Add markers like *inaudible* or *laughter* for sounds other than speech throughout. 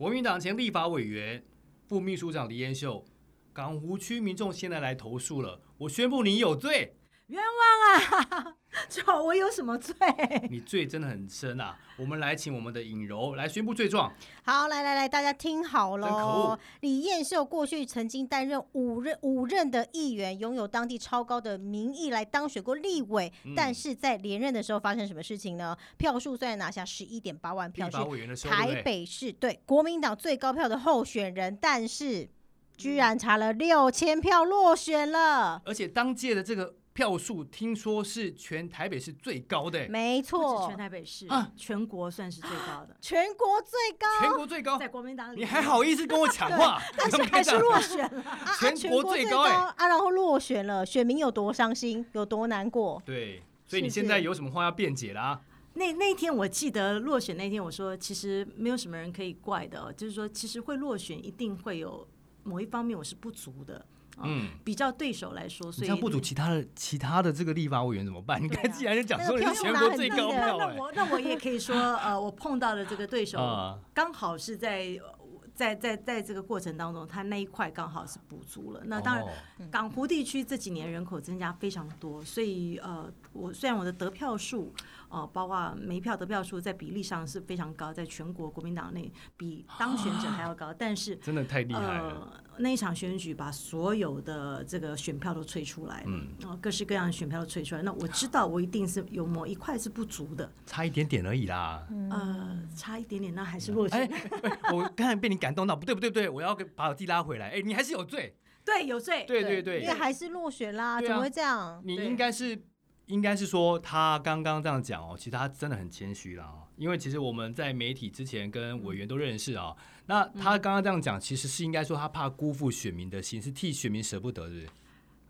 國民黨前立法委員、副秘書長李彥秀，港湖區民眾現在來投訴了，我宣布你有罪。冤枉啊！ *laughs* 我有什麼罪？你罪真的很深吶、啊！我們來請我們的尹柔來宣布罪狀。好，來來來，大家聽好了。李彥秀過去曾經擔任五任五任的議員，擁有當地超高的民意來當選過立委。嗯、但是在連任的時候發生什麼事情呢？票數雖然拿下十一點八萬票，台北市對國民黨最高票的候選人，但是居然差了六千票落選了。嗯、而且當屆的這個。票數聽說是全台北是最高的，欸，沒錯，全台北市啊，全國算是最高的，全國最高，全國最高，在國民黨裡，你還好意思跟我講話？ *laughs* 但是還是落選了， *laughs* 啊、全國最高，啊，全國最高，欸、啊，然後落選了，選民有多傷心，有多難過？對，所以你現在有什麼話要辯解啦，啊？那那天我記得落選那天，我說其實沒有什麼人可以怪的，哦，就是說其實會落選一定會有某一方面我是不足的。嗯，比較對手來說，所以像不足其他的對其他的這個立法委員怎麼辦？啊、你看，既然是講說你是全國最高票的，那票的、啊啊，那我那我也可以說， *laughs* 呃，我碰到的這個對手剛好是在在在在這個過程當中，他那一塊剛好是補足了。那當然，港湖地區這幾年人口增加非常多，所以呃，我雖然我的得票數，呃，包括沒票得票數在比例上是非常高，在全國國民黨內比當選者還要高，啊、但是真的太厲害了。呃那一場選舉把所有的這個選票都催出來，嗯，然後各式各樣的選票都催出來。那我知道我一定是有某一塊是不足的，差一點點而已啦。嗯、呃，差一點點那還是落選。欸欸、我剛才被你感動到，不對不對不對，我要把我弟拉回來。哎、欸，你還是有罪。對，有罪。對對對，對，因為還是落選啦，啊、怎麼會這樣？你應該是應該是說他剛剛這樣講哦、喔，其實他真的很謙虛啦、喔。因為其實我們在媒體之前跟委員都認識啊、哦，那他剛剛這樣講，其實是應該說他怕辜負選民的心，是替選民舍不得的。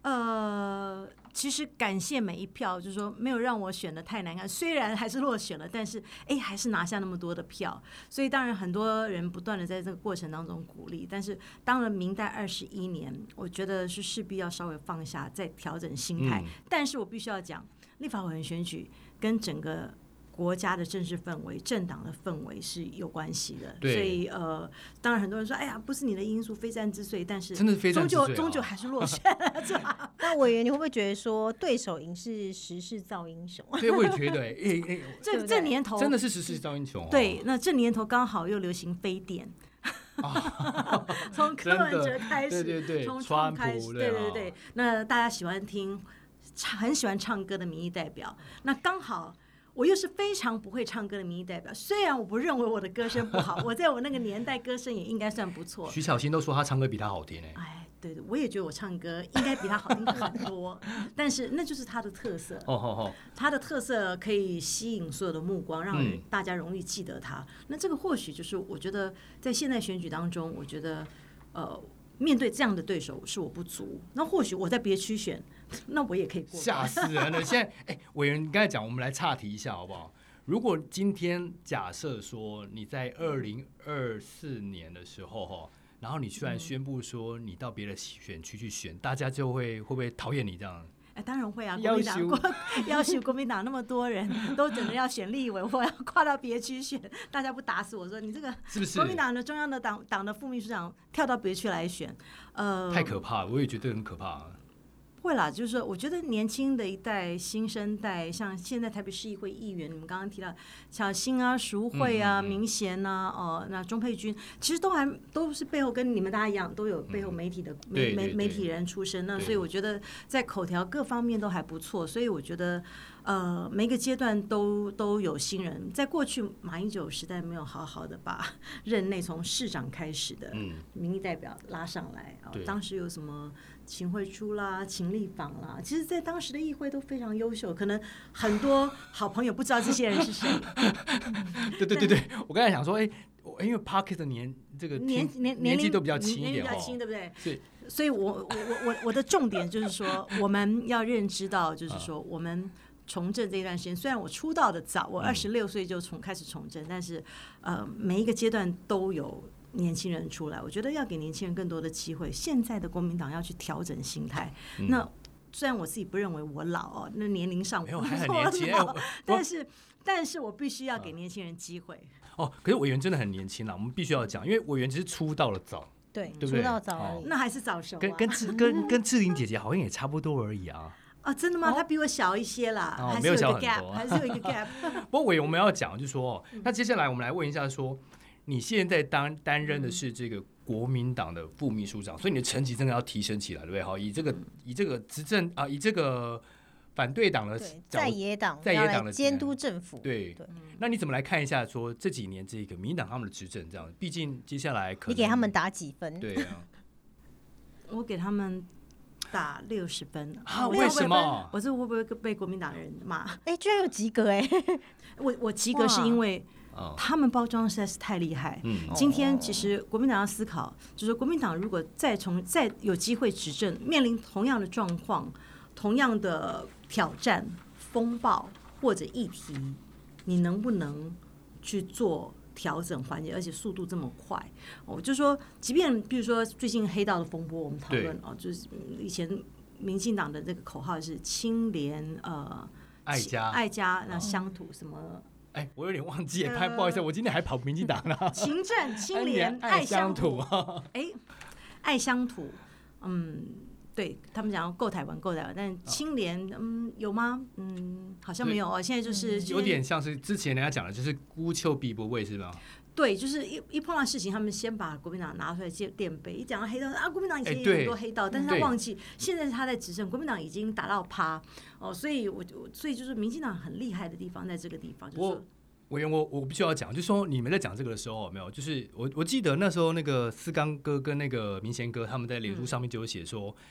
呃，其實感謝每一票，就是說沒有讓我選得太難看，雖然還是落選了，但是哎還是拿下那麼多的票，所以當然很多人不斷地在這個過程當中鼓勵。但是當了民代二十一年，我覺得是勢必要稍微放下，再調整心態。嗯、但是我必須要講，立法委員選舉跟整個。國家的政治氛圍、政黨的氛圍是有關係的，所以呃，當然很多人說，哎呀，不是你的因素，非戰之罪，但是真的，終究終究還是落選了，是吧？那委員，你會不會覺得說，對手贏是時勢造英雄？對，我也覺得，這這年頭真的是時勢造英雄。對，那這年頭剛好又流行非典，從柯文哲開始，對對對，從川開始，對對對。那大家喜歡聽唱，很喜歡唱歌的民意代表，那剛好。我又是非常不會唱歌的民意代表，雖然我不認為我的歌聲不好，我在我那個年代歌聲也應該算不錯。 *laughs* 徐巧芯都說他唱歌比他好聽呢、欸。哎，對的，我也覺得我唱歌應該比他好聽很多， *laughs* 但是那就是他的特色。 *laughs* 他的特色可以吸引所有的目光，讓大家容易記得他。嗯、那這個或許就是我覺得在現在選舉當中，我覺得呃，面對這樣的對手是我不足。那或許我在別區選。那我也可以過嚇死人了！現在，哎、欸，委員你剛才講，我們來岔題一下好不好？如果今天假設說你在二零二四年的時候哈，然後你居然宣布說你到別的選區去選，嗯、大家就會會不會討厭你這樣？哎、欸，當然會啊！國民黨，要求壞國民黨那麼多人 *laughs* 都等着要選立委，我要跨到別區選，大家不打死我說你這個是不是？國民黨的中央的黨黨的副秘書長跳到別區來選，呃，太可怕了！我也覺得很可怕。會啦，就是說我覺得年輕的一代、新生代，像現在台北市議會議員，你們剛剛提到，巧芯啊、淑慧啊、明賢吶、啊，嗯、哦，那鍾佩君，其實都還都是背後跟你們大家一樣，都有背後媒體的、嗯、媒對對對媒體人出身呢，那所以我覺得在口條各方面都還不錯，所以我覺得呃，每個階段都都有新人，在過去馬英九時代沒有好好的把任內從市長開始的民意代表拉上來、嗯、哦，當時有什麼？秦慧珠啦，秦儷舫啦，其實，在當時的議會都非常優秀。可能很多好朋友不知道這些人是誰？對 *laughs* *laughs* 對對對， *laughs* 但我剛才想說，哎，我因為 Parker 的年這個年年年紀都比較輕一點的話，年紀比較輕，對不對？是所以我，我我我我的重點就是說， *laughs* 我們要認知到，就是說，我們從政這一段時間，雖然我出道的早，我二十六歲就從、嗯、開始從政，但是，呃，每一個階段都有。年輕人出來，我覺得要給年輕人更多的機會。現在的國民黨要去調整心態。那雖然我自己不認為我老哦，那年齡上沒有還很年輕，但是但是我必須要給年輕人機會。哦，可是委員真的很年輕啊，我們必須要講，因為委員其實出道了早，對，出道早，那還是早熟，跟跟志跟跟志玲姐姐好像也差不多而已啊。啊，真的嗎？她比我小一些啦，還是有一個 gap，還是有一個 gap。不過委員我們要講，就是說那接下來我們來問一下說，你現在當擔任的是這個國民黨的副秘書長，所以你的成績真的要提升起來，對不對？好，以這個以這個執政啊，以這個反對黨的在野黨，在野黨的監督政府，對。那你怎麼來看一下說這幾年這個民黨他們的執政這樣？畢竟接下來可能你給他們打幾分？對啊，我給他們打六十分。為什麼？我這會不會被國民黨的人罵？哎，居然有及格哎！我我及格是因為。他們包裝實在是太厲害。今天其實國民黨要思考，就是國民黨如果再從再有機會執政，面臨同樣的狀況、同樣的挑戰、風暴或者議題，你能不能去做調整環節？而且速度這麼快，我就說，即便比如說最近黑道的風波，我們討論哦，就是以前民進黨的這個口號是清廉呃愛家愛家那鄉土什麼。哎，我有點忘記拍，呃、不好意思，我今天還跑民進黨了。勤政、清廉、愛鄉土。哎唉，愛鄉土。嗯，對他們講要夠台灣，夠台灣。但清廉，嗯，有嗎？嗯，好像沒有是哦。現在就是有點像是之前人家講的，就是孤丘比伯位是吧？對，就是一一碰到事情，他們先把國民黨拿出來墊墊背。一講到黑道啊，國民黨以前也有很多黑道，欸、但是他忘記對現在是他在執政，國民黨已經打到趴哦。所以我我所以就是民進黨很厲害的地方，在這個地方。就是、我我我我必須要講，就是說你們在講這個的時候，有沒有？就是我我記得那時候那個思剛哥跟那個明賢哥，他們在臉書上面就有寫說。嗯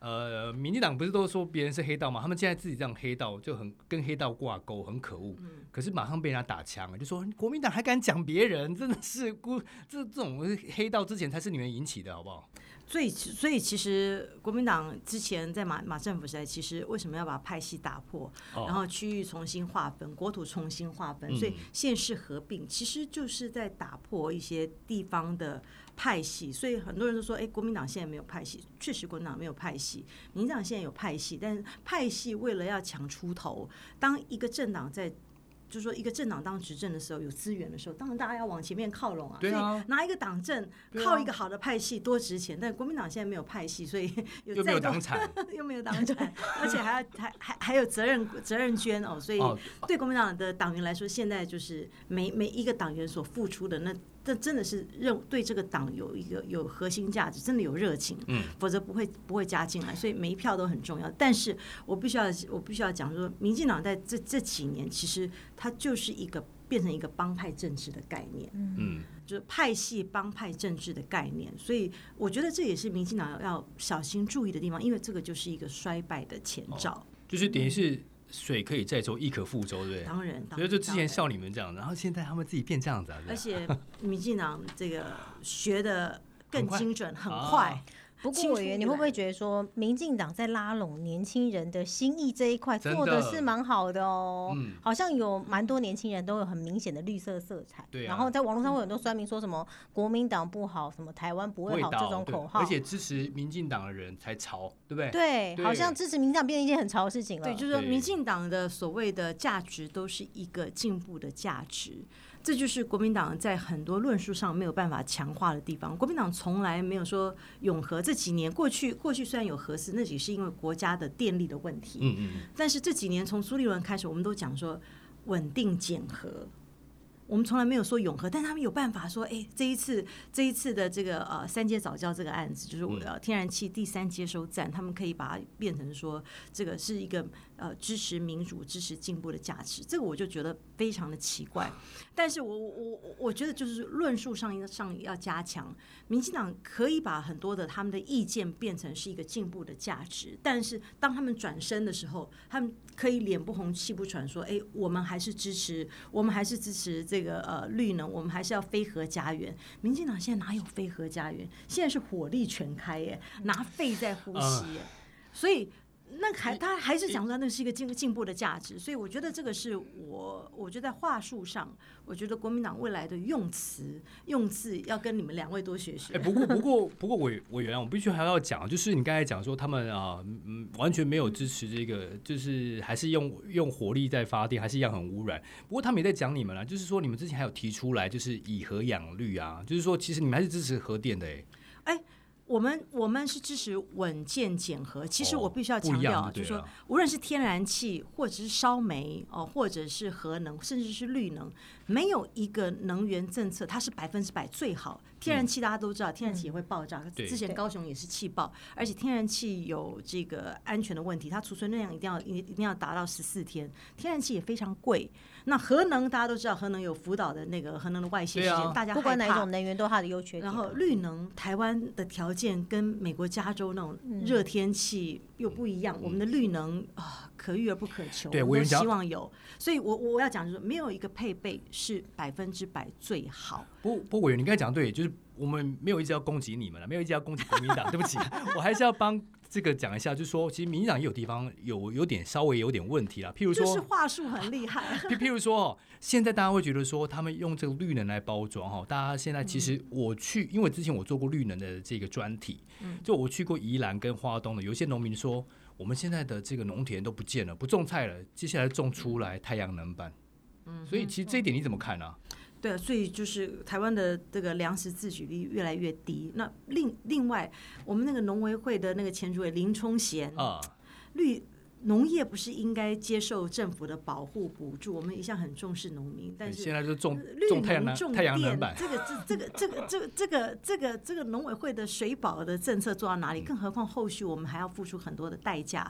呃，民進黨不是都說別人是黑道嗎？他們現在自己這樣黑道就很跟黑道掛鈎，很可惡。嗯、可是馬上被人家打槍，就說國民黨還敢講別人，真的是孤這這種黑道之前才是你們引起的，好不好？所以所以其實國民黨之前在馬馬政府時代，其實為什麼要把派系打破，哦、然後區域重新劃分，國土重新劃分，嗯、所以縣市合併，其實就是在打破一些地方的。派系，所以很多人都說，哎、欸，國民黨現在沒有派系，確實國民黨沒有派系。民進黨現在有派系，但是派系為了要搶出頭，當一個政黨在，就是說一個政黨當執政的時候有資源的時候，當然大家要往前面靠攏啊。對啊，所以拿一個黨政靠一個好的派系多值錢，啊、但國民黨現在沒有派系，所以有沒有黨產，又沒有黨產， *laughs* 產 *laughs* 而且還要還還還有責任責任捐哦，所以對國民黨的黨員來說，現在就是每每一個黨員所付出的那。這真的是認對這個黨有一個有核心價值，真的有熱情，嗯、否則不會不會加進來。所以每一票都很重要。但是我必須要我必須要講說，說民進黨在這這幾年，其實它就是一個變成一個幫派政治的概念，嗯，就是派系幫派政治的概念。所以我覺得這也是民進黨要小心注意的地方，因為這個就是一個衰敗的前兆，哦、就是等於是。水可以載舟，亦可覆舟，對，對當然，當然所以就之前笑你們這樣，然，然後現在他們自己變這樣子了、啊。而且民進黨這個學得更精準，很快。很快啊不過委員，你會不會覺得說，民進黨在拉攏年輕人的心意這一塊做的是蠻好的哦？的嗯、好像有蠻多年輕人都有很明顯的綠色色彩。對、啊、然後在網絡上會有很多酸民說什麼國民黨不好，什麼台灣不會好不會這種口號。而且支持民進黨的人才潮，對不對？對，對好像支持民進黨變成一件很潮的事情了。對，就是說民進黨的所謂的價值都是一個進步的價值。這就是國民黨在很多論述上沒有辦法強化的地方。國民黨從來沒有說擁核，這幾年過去，過去雖然有核四，那也是因為國家的電力的問題。但是這幾年從朱立倫開始，我們都講說穩定減核，我們從來沒有說擁核，但他們有辦法說，哎，這一次這一次的這個呃三接藻礁這個案子，就是我的天然氣第三接收站，他們可以把它變成說這個是一個。呃，支持民主、支持進步的價值，這個我就覺得非常的奇怪。但是我我我覺得就是論述上要上要加強。民進黨可以把很多的他們的意見變成是一個進步的價值，但是當他們轉身的時候，他們可以臉不紅氣不喘說：“哎、欸，我們還是支持，我們還是支持這個呃綠能，我們還是要非核家園。”民進黨現在哪有非核家園？現在是火力全開耶，拿肺在呼吸耶，所以。那還他還是講出來，那是一個進進步的價值，所以我覺得這個是我，我覺得在話術上，我覺得國民黨未來的用詞用字，要跟你們兩位多學習。哎、欸，不過不過不過，委委員，我，我必須還要講，就是你剛才講說他們啊、嗯，完全沒有支持這個，就是還是用用火力在發電，還是一樣很污染。不過他們也在講你們了、啊，就是說你們之前還有提出來，就是以核養綠啊，就是說其實你們還是支持核電的、欸，哎、欸。我們我們是支持穩健減核。其實我必須要強調，哦啊、就是說，無論是天然氣，或者是燒煤，哦，或者是核能，甚至是綠能，沒有一個能源政策它是百分之百最好。天然氣大家都知道，天然氣也會爆炸。嗯、之前高雄也是氣爆，對而且天然氣有這個安全的問題，它儲存量一定要一一定要達到十四天。天然氣也非常貴。那核能大家都知道，核能有福島的那個核能的外泄事件，啊、大家不管哪一種能源都它的優缺點，啊。然後綠能，台灣的條件跟美國加州那種熱天氣又不一樣，嗯、我們的綠能啊可遇而不可求，我對都希望有。所以我我我要講就是沒有一個配備是百分之百最好。不不，委員，你剛才講的對，就是我們沒有一直要攻擊你們了，沒有一直要攻擊國民黨。對不起，我還是要幫這個講一下，就是說，其實民進黨也有地方有有點稍微有點問題了，譬如說，這是話術很厲害。啊、譬譬如說，現在大家會覺得說，他們用這個綠能來包裝哈，大家現在其實我去，嗯、因為之前我做過綠能的這個專題，就我去過宜蘭跟花東的，有一些農民說，我們現在的這個農田都不見了，不種菜了，接下來種出來太陽能板，嗯哼，所以其實這一點你怎麼看呢、啊？對啊，所以就是台灣的這個糧食自給率越來越低。那另另外，我們那個農委會的那個前主委林聰賢啊，綠農業不是應該接受政府的保護補助？我們一向很重視農民，但是現在是種綠農、種太陽、種太這個、這、這個、這個、這個、這個、這個農委會的水保的政策做到哪裡？更何況後續我們還要付出很多的代價。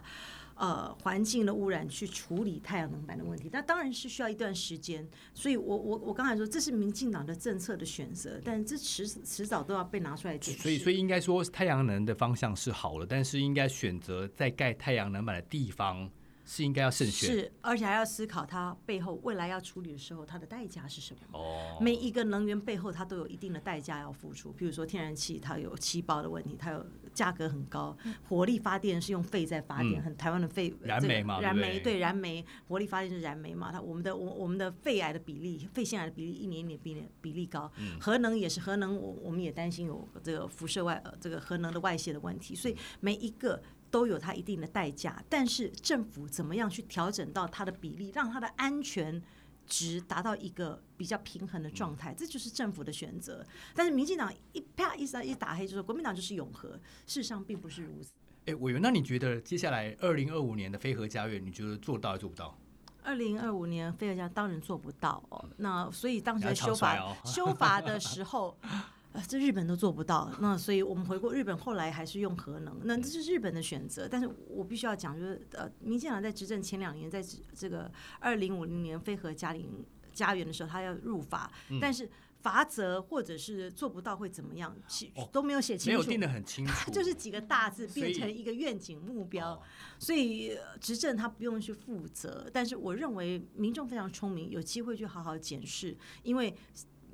呃，環境的污染，去處理太陽能板的問題，那當然是需要一段時間。所以我，我我我剛才說，這是民進黨的政策的選擇，但這遲遲早都要被拿出來解決。所以，所以應該說，太陽能的方向是好了，但是應該選擇在蓋太陽能板的地方。是應該要慎選，是而且還要思考它背後未來要處理的時候，它的代價是什麼？哦，oh. 每一個能源背後它都有一定的代價要付出。比如說天然氣，它有氣爆的問題，它有價格很高。火力發電是用肺在發電，很、嗯、台灣的肺燃煤嘛，燃煤對，吧對燃煤火力發電是燃煤嘛？它我們的我我們的肺癌的比例，肺腺癌的比例一年一年比年比例高。嗯、核能也是核能，我我們也擔心有這個輻射外呃這個核能的外泄的問題，所以每一個。都有它一定的代價，但是政府怎麼樣去調整到它的比例，讓它的安全值達到一個比較平衡的狀態，嗯、這就是政府的選擇。但是民進黨一啪一三一打黑就是，就說國民黨就是擁核，事實上並不是如此。哎、欸，委員，那你覺得接下來二零二五年的非核家園，你覺得做得到還做不到？二零二五年非核家當然做不到哦，嗯、那所以當時在修法、哦、修法的時候。 *laughs* 這日本都做不到，那所以我們回過日本，後來還是用核能，那這是日本的選擇。但是我必須要講，就是呃，民進黨在執政前兩年，在這個二零五零年非核家庭家園的時候，他要入法，嗯、但是罰則或者是做不到會怎麼樣，寫、哦、都沒有寫清楚，沒有定得很清楚， *laughs* 就是幾個大字變成一個願景目標，所以,所以執政他不用去負責。哦、但是我認為民眾非常聰明，有機會去好好檢視，因為。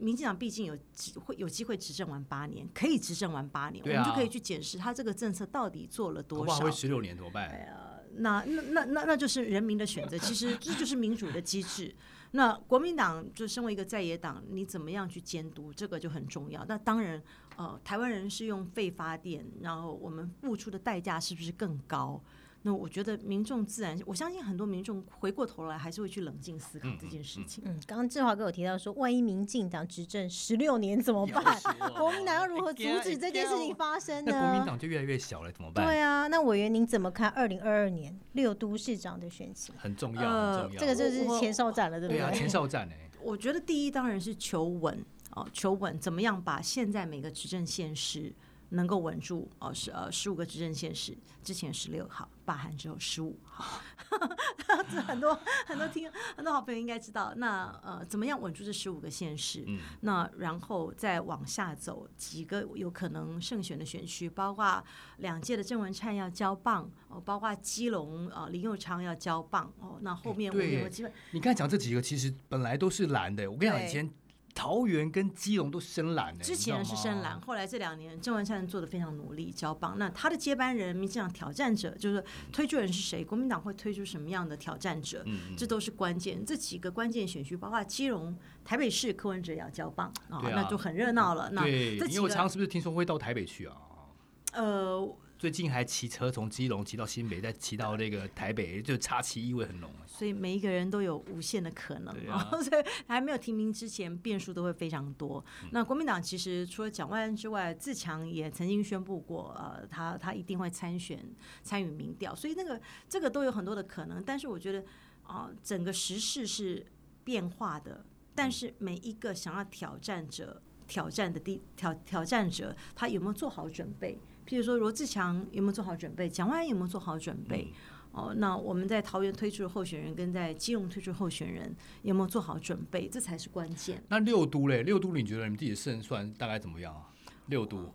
民進黨畢竟有機會有機會執政完八年，可以執政完八年，啊、我們就可以去檢視他這個政策到底做了多少。拖敗十六年多半、哎呃、那那那那那就是人民的選擇。其實這就是民主的機制。 *laughs* 那國民黨就身為一個在野黨，你怎麼樣去監督，這個就很重要。那當然，呃，台灣人是用廢發電，然後我們付出的代價是不是更高？那我覺得民眾自然，我相信很多民眾回過頭來還是會去冷靜思考這件事情。嗯，剛、嗯、剛、嗯嗯、志華哥有我提到說，萬一民進黨執政十六年怎麼辦？國民黨要如何阻止這件事情發生呢？欸啊啊、國民黨就越來越小了，怎麼辦？對啊，那委員您怎麼看二零二二年六都市長的選舉？很重要，呃、很重要。這個就是前哨戰了，對不對？對啊，前哨戰呢、欸，我覺得第一當然是求穩哦，求穩，怎麼樣把現在每個執政縣市。能夠穩住，哦，是呃，十五個執政縣市，之前十六號罷韓之後十五號，這、哦、 *laughs* 很多、啊、很多聽、啊、很多好朋友應該知道。那呃，怎麼樣穩住這十五個縣市？嗯、那然後再往下走幾個有可能勝選的選區，包括兩屆的鄭文燦要交棒，哦，包括基隆啊、呃，林右昌要交棒，哦，那後面我有基本。欸、機會你剛才講這幾個其實本來都是藍的，我跟你講對以前。桃園跟基隆都深藍，之前人是深藍，後來這兩年鄭文燦做的非常努力，交棒。那他的接班人，民進黨挑戰者，就是推出人是誰？嗯、國民黨會推出什麼樣的挑戰者？嗯嗯、這都是關鍵。這幾個關鍵選區，包括基隆、台北市、柯文哲也要交棒啊，那就很熱鬧了。嗯、那林右昌是不是聽說會到台北去啊？呃。最近還騎車從基隆騎到新北，再騎到那個台北，就插旗意味很濃。所以每一個人都有無限的可能，啊、 *laughs* 所以還沒有提名之前，變數都會非常多。那國民黨其實除了蔣萬安之外，自強也曾經宣布過，呃，他他一定會參選，參與民調。所以那個這個都有很多的可能，但是我覺得啊、呃，整個時事是變化的，但是每一個想要挑戰者挑戰的第挑挑戰者，他有沒有做好準備？譬如說，羅智強有沒有做好準備？蔣萬安有沒有做好準備？嗯、哦，那我們在桃園推出候選人跟在基隆推出候選人有沒有做好準備？這才是關鍵。那六都嘞，六都你覺得你們自己的勝算大概怎麼樣啊？六都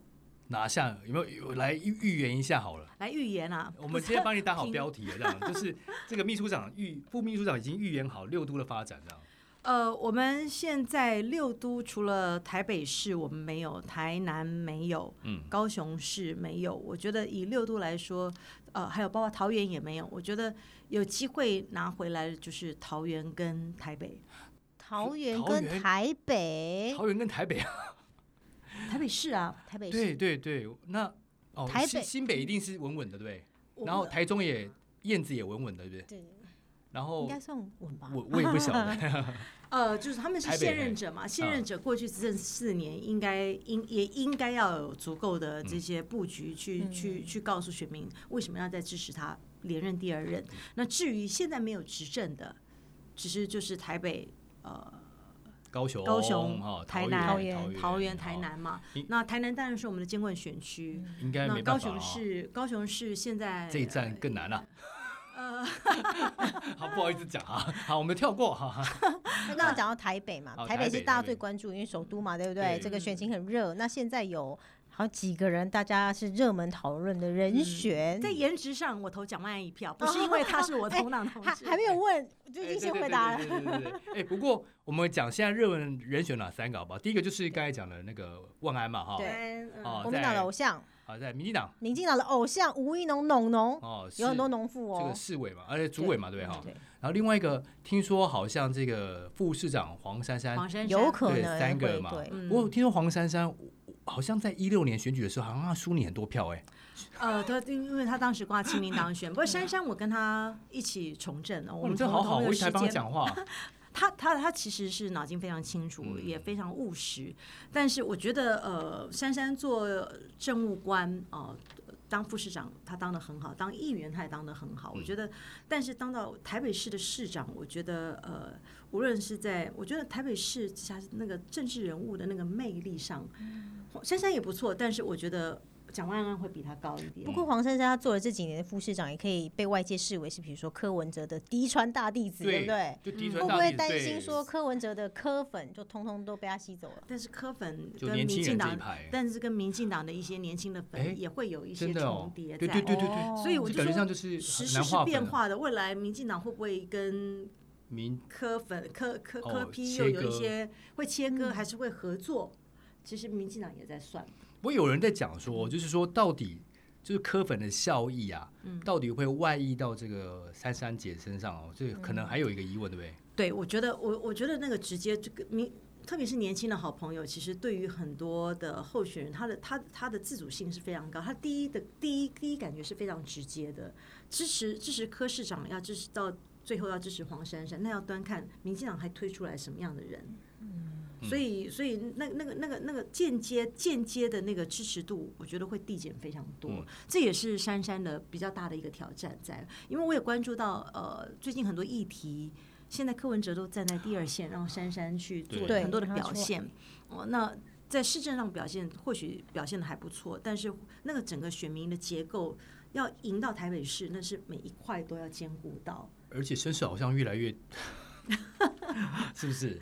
拿下有沒有來預預言一下好了？來預言啊！我們今天幫你打好標題啊。是這樣就是這個秘書長、副秘書長已經預言好六都的發展了。呃，我們現在六都除了台北市，我們沒有，台南沒有，嗯，高雄市沒有。嗯、我覺得以六都來說，呃，還有包括桃園也沒有。我覺得有機會拿回來的就是桃園跟台北，桃園跟台北，桃園跟台北啊，台北市啊，台北市。對對對，那哦，台北新，新北一定是穩穩的，對不對？嗯、然後台中也、嗯、燕子也穩穩的，對不對？對。應該算穩吧。我也不曉得。呃，就是他們是現任者嘛，現任者過去執政四年，應該應也應該要有足夠的這些布局，去去去告訴選民為什麼要再支持他連任第二任。那至於現在沒有執政的，其實就是台北、呃，高雄、高雄、台南、桃園、台南嘛。那台南當然是我們的艱困選區，應該。那高雄是高雄是現在、呃、這一戰更難了。呃，好，不好意思講啊，好，我們跳過哈，那剛剛講到台北嘛，台北是大家最關注，因為首都嘛，對不對？這個選情很熱。那現在有好幾個人，大家是熱門討論的人選。在顏值上，我投蔣萬安一票，不是因為他是我同黨同志，還還沒有問，就已經先回答了。哎，不過我們講現在熱門人選哪三個好不好？第一個就是剛才講的那個萬安嘛，哈，萬安，哦，國民黨的偶像。好在民進黨，民進黨的偶像吳怡農農農哦，有很多農婦哦，這個市委嘛，而、啊、且主委嘛，對不對哈、哦？對，然後另外一個，聽說好像這個副市長黃珊珊，黃珊珊有可能三個嘛會。對。我聽說黃珊珊好像在一六年選舉的時候，好像輸你很多票哎、欸。呃，他因因為他當時掛清明當選，呵呵，不過珊珊我跟他一起從政，啊、我們就好好，我台邦講話，他他他，他其實是腦筋非常清楚，嗯、也非常務實，但是我覺得呃，珊珊做政務官啊、呃，當副市長他當得很好，當議員他也當得很好，嗯、我覺得，但是當到台北市的市長，我覺得呃，無論是在我覺得台北市他那個政治人物的那個魅力上，嗯、珊珊也不錯，但是我覺得。蔣萬安會比他高一點，不過、嗯、黃珊珊他做了這幾年的副市長，也可以被外界視為是比如說柯文哲的嫡傳大、大弟子，對不對？會不會擔心說柯文哲的柯粉就通通都被他吸走了？對但是柯粉跟民進黨，但是跟民進黨的一些年輕的粉也會有一些重疊，在、欸哦。對、對、對、對、哦、所以我就感覺上就是時勢是變化的，未來民進黨會不會跟民柯粉柯柯柯批又有一些會切割、嗯、還是會合作？其實民進黨也在算。不過有人在講說，就是說到底，就是柯粉的效益啊，嗯、到底會外溢到這個珊珊姐身上哦，所以可能還有一個疑問，嗯、對不對？對，我覺得我我覺得那個直接這個民，特別是年輕的好朋友，其實對於很多的候選人，他的他他的自主性是非常高，他第一的第一第一感覺是非常直接的，支持支持柯市長，要支持到最後要支持黃珊珊，那要端看民進黨還推出來什麼樣的人。嗯。所以，所以那個、那個那個那個間接間接的那個支持度，我覺得會遞減非常多。嗯、這也是珊珊的比較大的一個挑戰在。因為我也關注到，呃，最近很多議題，現在柯文哲都站在第二線，讓珊珊去做很多的表現。哦，那在市政上表現或許表現得還不錯，但是那個整個選民的結構要贏到台北市，那是每一塊都要兼顧到。而且聲勢好像越來越。是不是？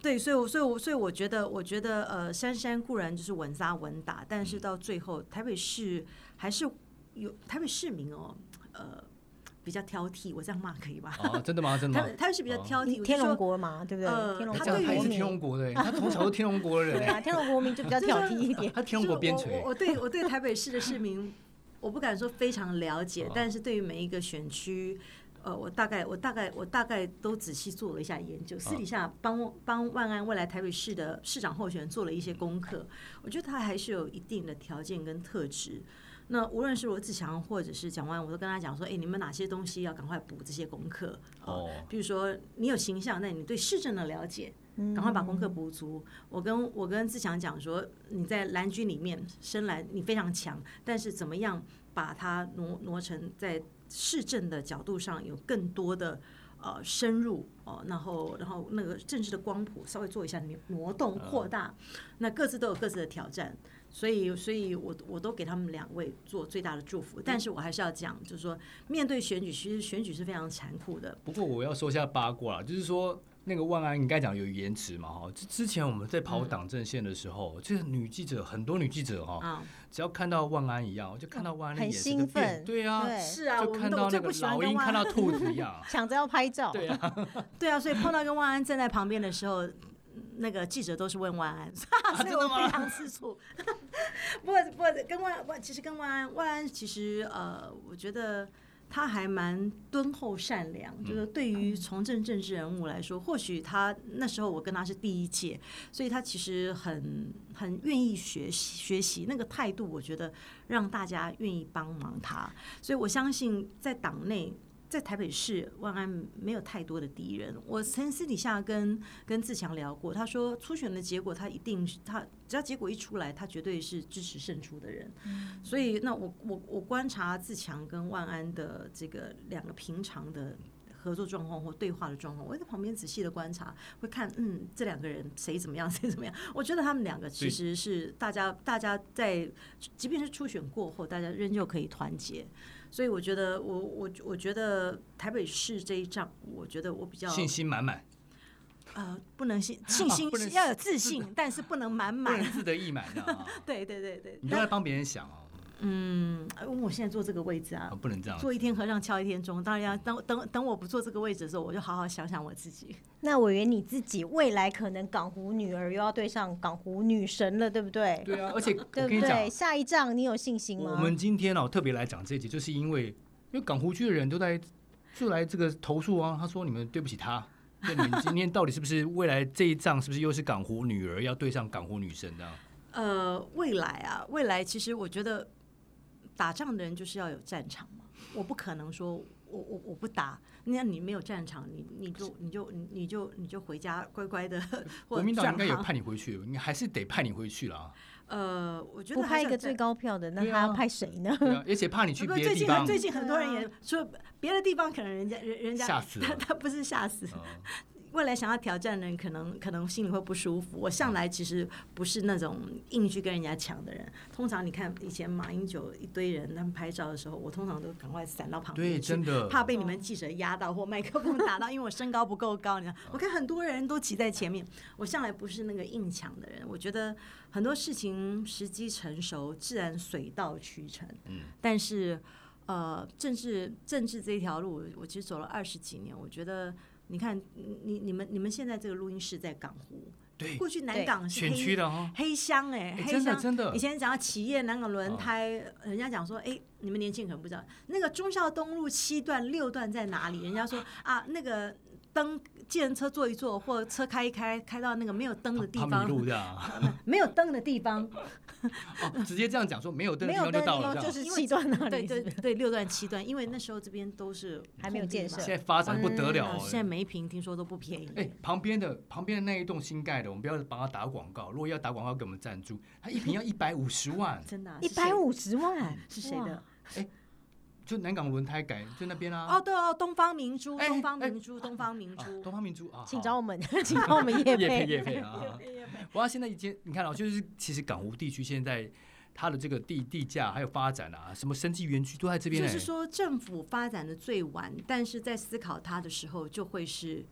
對，所以，所以，所以，我覺得，我覺得，呃，珊珊固然就是穩紮穩打，但是到最後，台北市還是有台北市民哦，呃，比較挑剔。我這樣罵可以吧？哦，真的嗎？真的嗎？台，台北是比較挑剔，天龍國嘛，對不對？天他對於天龍國的，他從小是天龍國的人，啊，天龍國民就比較挑剔一點。他天龍國邊陲，我對我對台北市的市民，我不敢說非常了解，但是對於每一個選區。呃，我大概我大概我大概都仔細做了一下研究，私底下幫幫，幫萬安未來台北市的市長候選人做了一些功課。我覺得他還是有一定的條件跟特質。那無論是羅智強或者是蔣萬，我都跟他講說，哎，你們哪些東西要趕快補這些功課？哦、呃，比如說你有形象，那你對市政的了解，趕快把功課補足。嗯、我跟我跟智強講說，你在藍軍裡面，深藍你非常強，但是怎麼樣把它挪挪成在？市政的角度上有更多的呃深入哦，然後然後那個政治的光譜稍微做一下挪動擴大，那各自都有各自的挑戰，所以所以我我都給他們兩位做最大的祝福，但是我還是要講，就是說面對選舉，其實選舉是非常殘酷的。不過我要說一下八卦，就是說。那個萬安應該講有延遲嘛哈，之之前我們在跑黨政線的時候，這個、嗯、女記者很多女記者哈、喔，哦、只要看到萬安一樣，就看到萬安、嗯、很興奮的眼神就變，對啊，是啊。對，就看到最不喜歡跟萬安，看到兔子一樣，搶着、啊、 *laughs* 要拍照，對啊， *laughs* 對啊，所以碰到跟萬安站在旁邊的時候，那個記者都是問萬安，所以我非常吃醋、啊。 *laughs* 不不，跟萬萬其實跟萬安，萬安其實呃，我覺得。他還蠻敦厚善良，就是對於從政政治人物來說，或許他那時候我跟他是第一屆，所以他其實很很願意學習學習那個態度，我覺得讓大家願意幫忙他，所以我相信在黨內。在台北市，萬安沒有太多的敵人。我曾私底下跟跟自強聊過，他說初選的結果，他一定是他只要結果一出來，他絕對是支持勝出的人。嗯、所以，那我我我觀察自強跟萬安的這個兩個平常的合作狀況或對話的狀況，我在旁邊仔細的觀察，會看嗯，這兩個人誰怎麼樣，誰怎麼樣？我覺得他們兩個其實是大家對大家在，即便是初選過後，大家仍舊可以團結。所以我覺得，我我我覺得台北市這一仗，我覺得我比較信心滿滿。呃，不能信信心要有自信，啊、但是不能滿滿不能自得意滿的、啊、 *laughs* 對對對對，你都在幫別人想哦。嗯，我現在坐這個位置啊，啊不能這樣坐一天和尚敲一天鐘。當然要等等等，等我不坐這個位置的時候，我就好好想想我自己。那委員你自己未來可能港湖女兒又要對上港湖女神了，對不對？對啊，而且，對不 *laughs* 對？下一仗你有信心嗎？我，我們今天哦特別來講這集，就是因為因為港湖區的人都在就來這個投訴啊，他說你們對不起他，那 *laughs* 你們今天到底是不是未來這一仗是不是又是港湖女兒要對上港湖女神呢、啊？呃，未來啊，未來其實我覺得。打仗的人就是要有戰場嘛，我不可能說我我我不打，那你沒有戰場，你你就你就你就你就，你就回家乖乖的。國民黨應該也派你回去，你還是得派你回去了啊。呃，我覺得不派一個最高票的，那他要派誰呢？對啊，對啊？而且怕你去別的地方最近，最近很多人也說別的地方可能人家人、啊、人家嚇死，他他不是嚇死。嗯未來想要挑戰的人，可能可能心裡會不舒服。我向來其實不是那種硬去跟人家搶的人。通常你看以前馬英九一堆人他們拍照的時候，我通常都趕快閃到旁邊去，對，真的，怕被你們記者壓到或麥克風打到， *laughs* 因為我身高不夠高。你看，我看很多人都擠在前面，我向來不是那個硬搶的人。我覺得很多事情時機成熟，自然水到渠成。嗯，但是，呃，政治政治這條路，我其實走了二十幾年，我覺得。你看，你你們你們現在這個錄音室在港湖，對，過去南港是，區對黑的哈，黑箱香哎，真的真的，以前講到企業南港輪胎，哦、人家講說，哎，你們年輕人可能不知道，那個忠孝東路七段六段在哪裡？人家說啊，啊，那個。燈，計程車坐一坐，或車開一開，開到那個沒有燈的地方。他沒有燈的地方。直接這樣講說沒有燈的地方就到了六段七段，因為那時候這邊都是還沒有建設。現在發展不得了，現在每一平聽說都不便宜。旁邊的旁邊的那一棟新蓋的，我們不要幫他打廣告。如果要打廣告給我們贊助，他一平要一百五十萬。真的，一百五十萬是誰的？就南港輪胎改就那邊啊！哦對哦，東方明珠，欸、東方明珠，東方明珠，東方明珠啊！請找我們，請找我們業配業配啊！哇，現在已經你看啦、哦，就是其實港湖地區現在它的這個地地價還有發展啊，什麼生技園區都在這邊、欸。就是說政府發展的最晚，但是在思考它的時候，就會是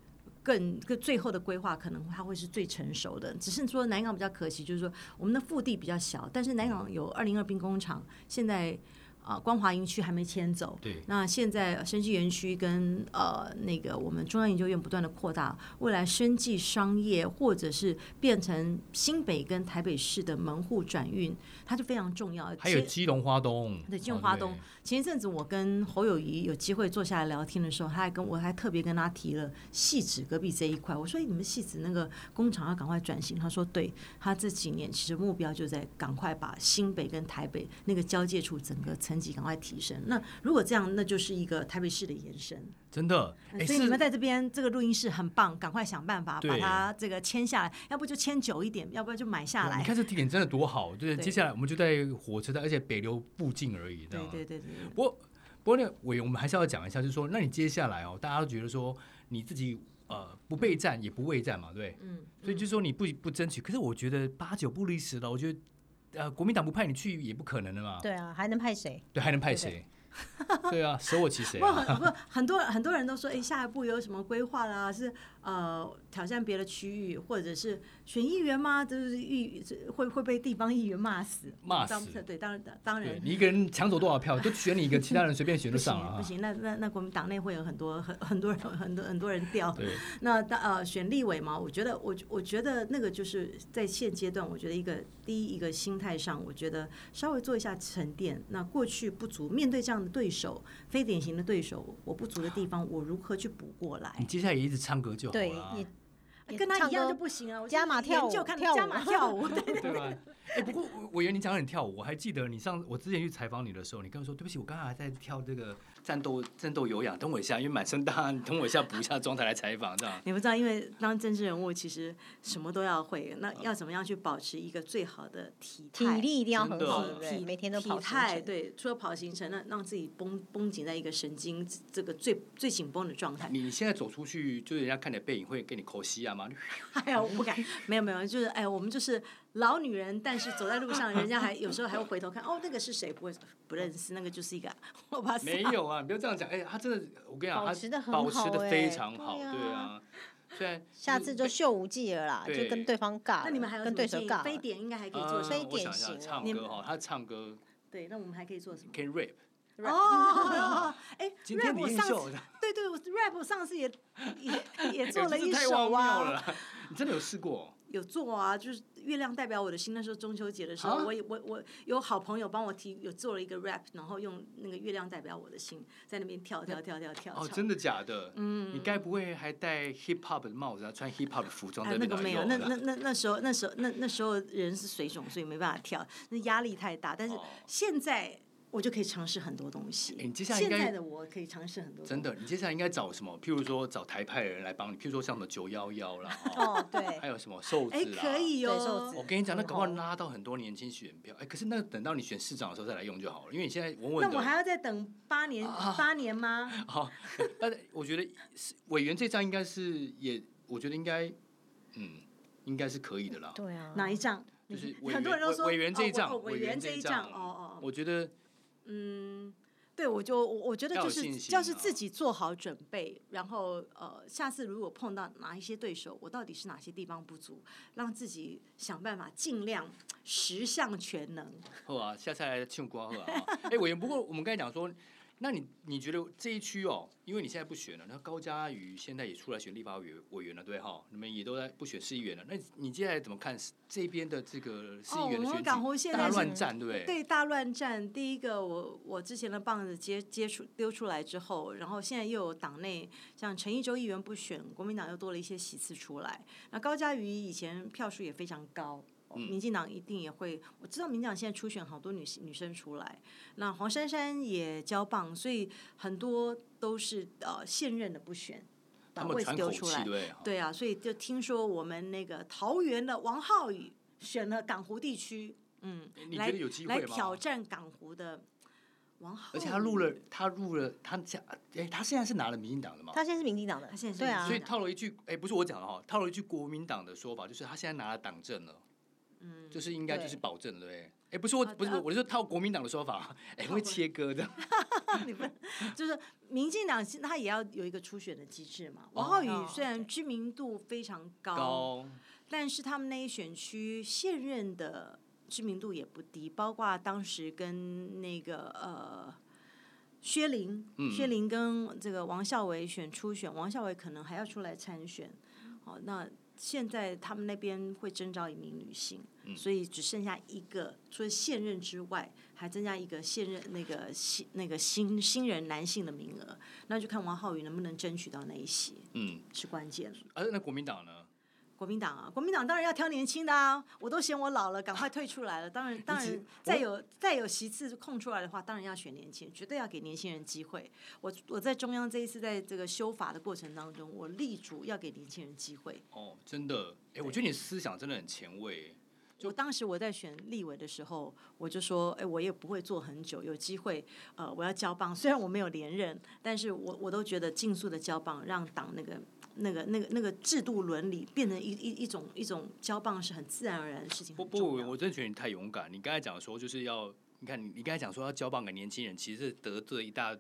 更個最後的規劃，可能它會是最成熟的。只是說南港比較可惜，就是說我們的腹地比較小，但是南港有二零二兵工廠，現在。啊，光華營區還沒遷走。對。那現在生技園區跟呃那個我們中央研究院不斷的擴大，未來生技商業或者是變成新北跟台北市的門戶轉運，它就非常重要。還有基隆花東。對，基隆花東。對前一陣子我跟侯友宜有機會坐下來聊天的時候，他還跟我，我還特別跟他提了汐止隔壁這一塊。我說：“你們汐止那個工廠要趕快轉型。”他說：“對，他這幾年其實目標就在趕快把新北跟台北那個交界處整個成。”等級趕快提升。那如果這樣，那就是一個台北市的延伸，真的。欸、所以你們在這邊是這個錄音室很棒，趕快想辦法把它這個簽下來。對要不就簽久一點，要不要就買下來？哦、你看這地點真的多好，就是對接下來我們就在火車站，而且北流附近而已，知道嗎？對，對對對。不過不過呢、那個，我我們還是要講一下，就是說，那你接下來哦，大家都覺得說你自己呃不備戰也不畏戰嘛，對，嗯，嗯，所以就是說你不不爭取，可是我覺得八九不離十了，我覺得。呃，國民黨不派你去也不可能的嘛。對啊，還能派誰？對，還能派誰？對，對，對, *laughs* 對啊，捨我其誰，啊？ *laughs* 不不，很多人很多人都說，哎，欸，下一步有什麼規劃啦？是。呃，挑戰別的區域，或者是選議員嗎？就是議會會被地方議員罵死，罵死。對，當然當然，你一個人搶走多少票，都 *laughs* 選你一個，其他人隨便選就上了。不行，那那那國民黨內會有很多很很多人，很多很多人掉。對那當，呃選立委嘛，我覺得我我覺得那個就是在現階段，我覺得一個第一一個心態上，我覺得稍微做一下沉澱。那過去不足，面對這樣的對手，非典型的對手，我不足的地方，我如何去補過來？你接下來也一直唱歌就好了。對，你、啊、跟他一樣就不行啊！我看他加碼跳舞，看跳舞，加碼跳舞。對，對吧？哎、欸，不過我我以為你講很跳舞，我還記得你上我之前去採訪你的時候，你跟我說對不起，我剛才還在跳這個。戰鬥，戰鬥有氧，等我一下，因為滿身大汗，啊，等我一下補一下狀態來採訪，知道嗎？你不知道，因為當政治人物，其實什麼都要會，那要怎麼樣去保持一個最好的體態？好體力一定要很好，對不對？體每天都跑行程。體態，對，除了跑行程，那讓自己繃繃緊在一個神經這個最最緊繃的狀態。你現在走出去，就是人家看你的背影，會給你口吸啊嗎？哎呀，我不敢， *laughs* 沒有沒有，就是哎，我們就是。老女人，但是走在路上，人家還有時候還會回頭看。哦，那個是誰？不會不認識，那個就是一個。沒有啊，你不要這樣講。哎，他真的，我跟你講，保持得很好，哎，非常好，對啊。對。下次就秀舞技了啦，就跟對方尬。那你們還有跟對手尬？非典應該還可以做非典型。唱歌哈，他唱歌。對，那我們還可以做什麼？可以 rap。哦。哎，rap 我上次。對對，我 rap 上次也也也做了一首啊。你真的有試過？有做啊，就是月亮代表我的心，那時候中秋節的時候，啊、我我我有好朋友幫我提，有做了一個 rap，然後用那個月亮代表我的心，在那邊跳跳跳跳跳。哦，真的假的？跳嗯、你該不會還戴 hip hop 的帽子，啊，穿 hip hop 的服裝在那邊、啊、那個沒有，用那那那那時候那時候那那時候人是水腫，所以沒辦法跳，那壓力太大。但是現在。哦我就可以嘗試很多東西。你接下來應該現在的我可以嘗試很多東西。真的，你接下來應該找什麼？譬如說找台派的人來幫你，譬如說像什麼玖壹壹啦，哦對，還有什麼瘦子啦，哎，可以哦。我跟你講，那趕快拉到很多年輕選票。哎，可是那等到你選市長的時候再來用就好了，因為你現在穩穩的。那我還要再等八年八年嗎？好，但，我覺得委員這仗應該是也，我覺得應該嗯，應該是可以的啦。對啊，哪一仗？就是很多人都說委員這一仗，委員這一仗，哦哦，我覺得。嗯，對，我就我我覺得就是要、啊、要是自己做好準備，然後呃，下次如果碰到哪一些對手，我到底是哪些地方不足，讓自己想辦法盡量十項全能。好啊，下次來慶功好啊。哎、 *laughs* 欸，委員，不過我們剛才講說。那你你覺得這一區哦，因為你現在不選了，那高嘉瑜現在也出來選立法委員委員了，對哈？你們也都在不選市議員了，那你接下來怎麼看這邊的這個市議員的選舉？大亂戰，對對，大亂戰。第一個，我我之前的棒子接接觸丟出來之後，然後現在又有黨內像陳義洲議員不選，國民黨又多了一些席次出來。那高嘉瑜以前票數也非常高。民進黨一定也會，我知道民進黨現在初選好多女女生出來，那黃珊珊也交棒，所以很多都是呃現任的不選，把、呃、位置丟出來，對啊，對啊，所以就聽說我們那個桃園的王浩宇選了港湖地區，嗯、欸，你覺得有機會嗎？來挑戰港湖的王浩宇，而且他入了，他入了，他這，哎、欸，他現在是拿了民進黨的嗎他的？他現在是民進黨的，他現在是，所以套了一句，哎、欸，不是我講的哈，套了一句國民黨的說法，就是他現在拿了黨證了。嗯、就是應該就是保證的哎、欸對，欸、不是我，啊、不是我，我是套國民黨的說法，哎、欸，會切割的 *laughs* 你。你們就是民進黨，他也要有一個初選的機制嘛。哦、王浩宇雖然知名度非常高，哦、但是他們那一選區現任的知名度也不低，包括當時跟那個呃薛凌。嗯、薛凌跟這個王孝偉選初選，王孝偉可能還要出來參選。嗯、哦，那。現在他們那邊會徵召一名女性，所以只剩下一個，除了現任之外，還增加一個現任那個新那個新新人男性的名額，那就看王浩宇能不能爭取到那一席，嗯，是關鍵了。而、啊、那國民黨呢？國民黨啊，國民黨當然要挑年輕的啊！我都嫌我老了，趕快退出來了。啊、當然，當然，再有再有席次空出來的話，當然要選年輕人，絕對要給年輕人機會。我我在中央這一次在這個修法的過程當中，我力主要給年輕人機會。哦，真的，哎、欸，對我覺得你思想真的很前衛。就當時我在選立委的時候，我就說，哎、欸，我也不會做很久，有機會，呃，我要交棒。雖然我沒有連任，但是我我都覺得盡速的交棒，讓黨那個。那個、那個、那個制度倫理變成一、一、一種、一種交棒是很自然而然的事情。不不，我真的覺得你太勇敢。你剛才講說就是要，你看你你剛才講說要交棒給年輕人，其實是得罪一大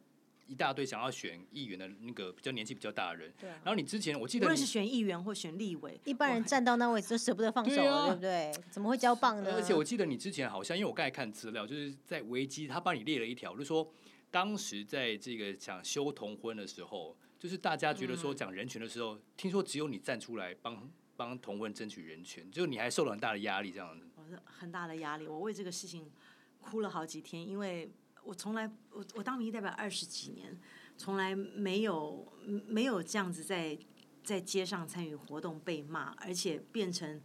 一大堆想要選議員的那個比較年紀比較大的人。對、啊。然後你之前我記得，無論是選議員或選立委，一般人站到那位置都捨不得放手了，對,啊、對不對？怎麼會交棒呢？而且我記得你之前好像，因為我剛才看資料，就是在維基，他幫你列了一條，就是、說當時在這個想修同婚的時候。就是大家覺得說講人權的時候，嗯、聽說只有你站出來幫幫同志爭取人權，就你還受了很大的壓力這樣子。很大的壓力，我為這個事情哭了好幾天，因為我從來我我當民意代表二十幾年，從來沒有沒有這樣子在在街上參與活動被罵，而且變成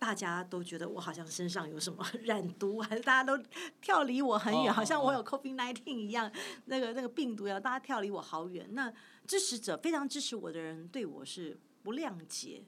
大家都覺得我好像身上有什麼染毒，還是大家都跳離我很遠，哦、好像我有 COVID nineteen 一樣，哦、那個那個病毒一樣，大家跳離我好遠那。支持者非常支持我的人對我是不諒解，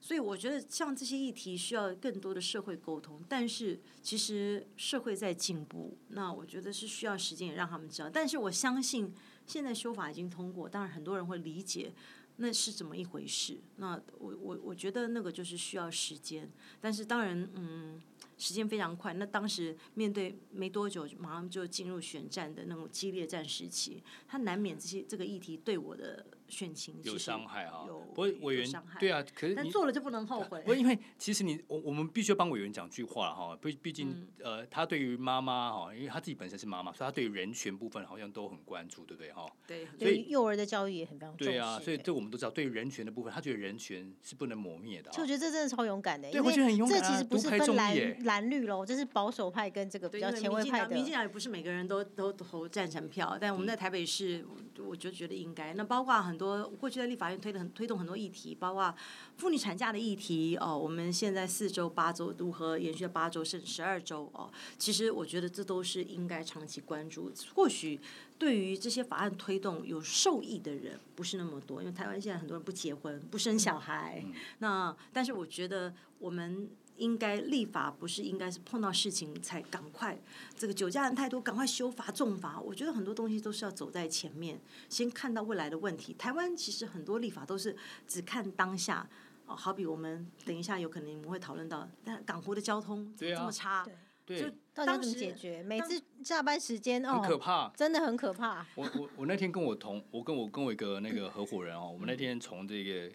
所以我覺得像這些議題需要更多的社會溝通。但是其實社會在進步，那我覺得是需要時間也讓他們知道。但是我相信現在修法已經通過，當然很多人會理解那是怎麼一回事。那我我我覺得那個就是需要時間，但是當然嗯。時間非常快，那當時面對沒多久，馬上就進入選戰的那種激烈戰時期，他難免這些這個議題對我的選情有傷害哈、啊。委委員有害對啊，可是但做了就不能後悔、欸。不，因為其實你我我們必須要幫委員講句話哈，畢畢竟、嗯、呃，他對於媽媽哈，因為他自己本身是媽媽，所以他對於人權部分好像都很關注，對不對哈？對。所以幼兒的教育，也很重要。對啊，所以對我們都知道，對於人權的部分，他覺得人權是不能磨滅的。我覺得這真的超勇敢的，對，我覺得很勇敢，這其實不是重點。藍綠咯，這是保守派跟這個比較前衛派的，民進黨，民進黨，也不是每個人都都投贊成票，但我們在台北市，嗯、我就覺得應該。那包括很多過去在立法院推的很推動很多議題，包括婦女產假的議題哦，我們現在四周、八周如何延續了八周甚至十二周哦，其實我覺得這都是應該長期關注。或許對於這些法案推動有受益的人不是那麼多，因為台灣現在很多人不結婚、不生小孩。嗯、那但是我覺得我們。應該立法不是應該是碰到事情才趕快，這個酒駕人太多，趕快修法重罰。我覺得很多東西都是要走在前面，先看到未來的問題。台灣其實很多立法都是只看當下，哦，好比我們等一下有可能我們會討論到，但港湖的交通怎麼這麼差，對啊，對，就到底怎麼解決？每次下班時間哦，很可怕，哦，真的很可怕。我我我那天跟我同，我跟我跟我一個那個合夥人哦， *laughs* 我們那天從這個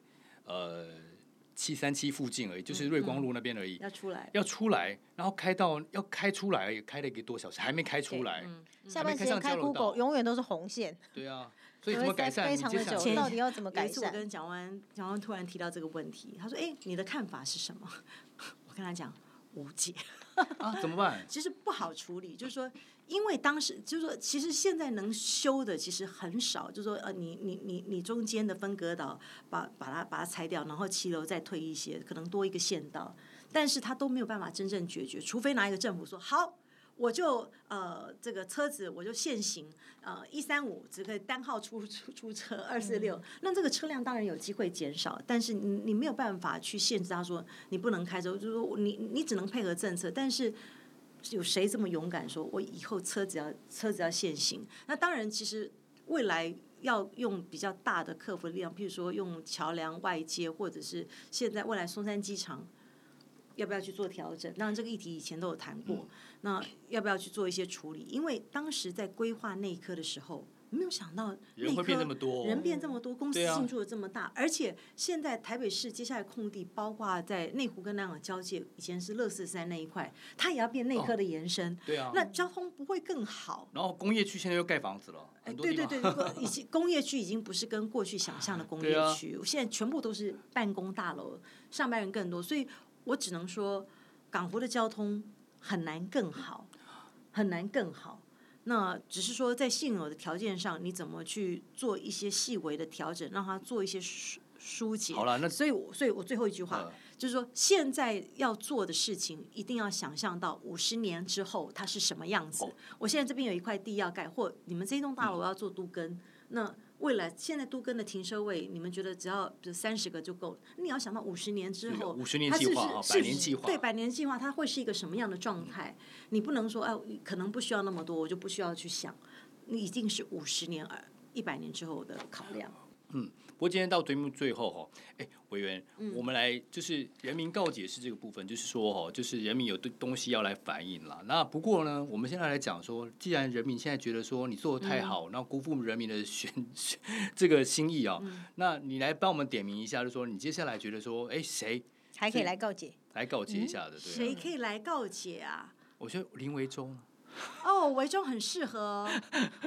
呃。七三七附近而已，就是瑞光路那邊而已，嗯嗯，要出來，要出來，然後開到要開出來而已，開了一個多小時還沒開出來。下面可能開 Google 永遠都是紅線。對啊，所以怎麼改善？非常的久，到底要怎麼改善？有一次我跟蔣萬，蔣萬突然提到這個問題，他說：“哎、欸，你的看法是什麼？”我跟他講無解。 *laughs* 啊？怎麼辦？其實不好處理，就是說。因為當時就是說，其實現在能修的其實很少，就是說，呃，你你你你中間的分隔島把，把把它把它拆掉，然後騎樓再退一些，可能多一個線道，但是他都沒有辦法真正解決，除非哪一個政府說好，我就呃這個車子我就限行，呃一三五只可以單號出出出車，二四六，那這個車輛當然有機會減少，但是你你沒有辦法去限制他說你不能開車，就是說你你只能配合政策，但是。有誰這麼勇敢說？我以後車子要車子要限行？那當然，其實未來要用比較大的克服力量，譬如說用橋樑外接，或者是現在未來松山機場要不要去做調整？當然，這個議題以前都有談過。嗯、那要不要去做一些處理？因為當時在規劃那一科的時候。沒有想到內科，人會變這麼多，哦，人變這麼多，嗯、公司進駐的這麼大，啊、而且現在台北市接下來空地，包括在內湖跟南港交界，以前是垃圾山那一塊，它也要變內科的延伸，哦、對啊，那交通不會更好。然後工業區現在又蓋房子了，很多地方，哎，對對對，已經 *laughs* 工業區已經不是跟過去想象的工業區，啊、現在全部都是辦公大樓，上班人更多，所以我只能說，港湖的交通很難更好，很難更好。那只是說，在現有的條件上，你怎麼去做一些細微的調整，讓它做一些疏疏解？好了，那所以我，所以我最後一句話、嗯、就是說，現在要做的事情，一定要想象到五十年之後它是什麼樣子。哦、我現在這邊有一塊地要蓋，或你們這一棟大樓要做都更。嗯、那。為了現在都更的停車位，你們覺得只要比如三十個就夠了？你要想到五十年之後，五十年計劃、就是、百年計劃，對百年計劃，它會是一個什麼樣的狀態？嗯、你不能說哎，可能不需要那麼多，我就不需要去想，那已經是五十年而、而一百年之後的考量，嗯。不過今天到節目最後哈，哎、欸，委員，嗯、我們來就是人民告解是這個部分，就是說哈，就是人民有對東西要來反映啦。那不過呢，我們現在來講說，既然人民現在覺得說你做的太好，那、嗯、辜負人民的選這個心意啊，嗯、那你來幫我們點名一下，就說你接下來覺得說，哎、欸，誰還可以來告解，來告解一下的？誰、啊、可以來告解啊？我覺得林維中。哦，維中很適合，哦，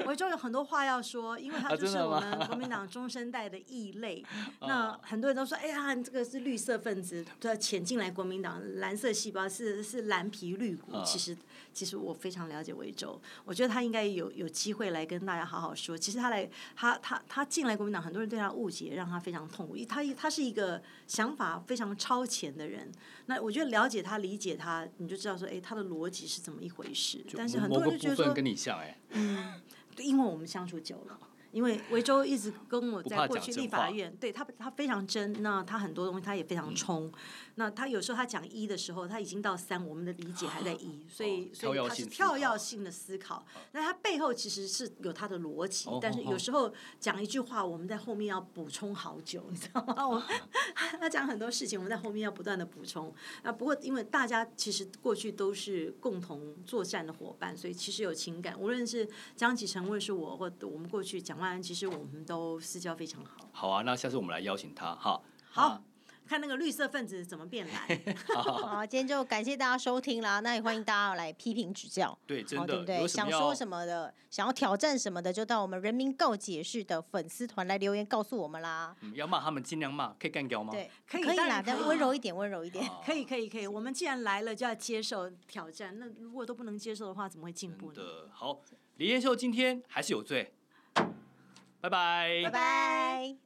維 *laughs* 中有很多話要說，因為他就是我們國民黨中生代的異類。啊、那很多人都說，哎、欸、呀，你這個是綠色分子，要潛進來國民黨，藍色細胞是是藍皮綠骨，啊、其實。其實我非常了解魏洲，我覺得他應該有有機會來跟大家好好說。其實他來，他他他進來國民黨，很多人對他誤解，讓他非常痛苦。他他是一個想法非常超前的人，那我覺得了解他、理解他，你就知道說，哎，他的邏輯是怎麼一回事。就但是很多人就覺得說跟你哎，嗯，因為我們相處久了。因為維州一直跟我在過去立法院，對他他非常真，那他很多東西他也非常衝，嗯、那他有時候他講一的時候他已經到三，我們的理解還在一，所以、哦、所以他是跳躍性的思考，哦、那他背後其實是有他的邏輯，哦、但是有時候講一句話，我們在後面要補充好久，你知道嗎？我嗯、他講很多事情，我們在後面要不斷的補充。那不過因為大家其實過去都是共同作戰的伙伴，所以其實有情感，無論是江啟臣，無論是我或我們過去講。其實我們都私交非常好。好啊，那下次我們來邀請他哈。好，好，、啊、好看那個綠色分子怎麼變藍？ *laughs* 好，好，好，好，今天就感謝大家收聽啦。那也歡迎大家來批評指教。對，真的對不對？想說什麼的，想要挑戰什麼的，就到我們人民告解室的粉絲團來留言告訴我們啦。嗯、要罵他們，盡量罵，可以幹掉嗎？對，可以，當然可以啦，溫柔一點，溫柔一點。啊、可以，可以，可以。我們既然來了，就要接受挑戰。那如果都不能接受的話，怎麼會進步呢？好，李彥秀今天還是有罪。拜拜拜拜。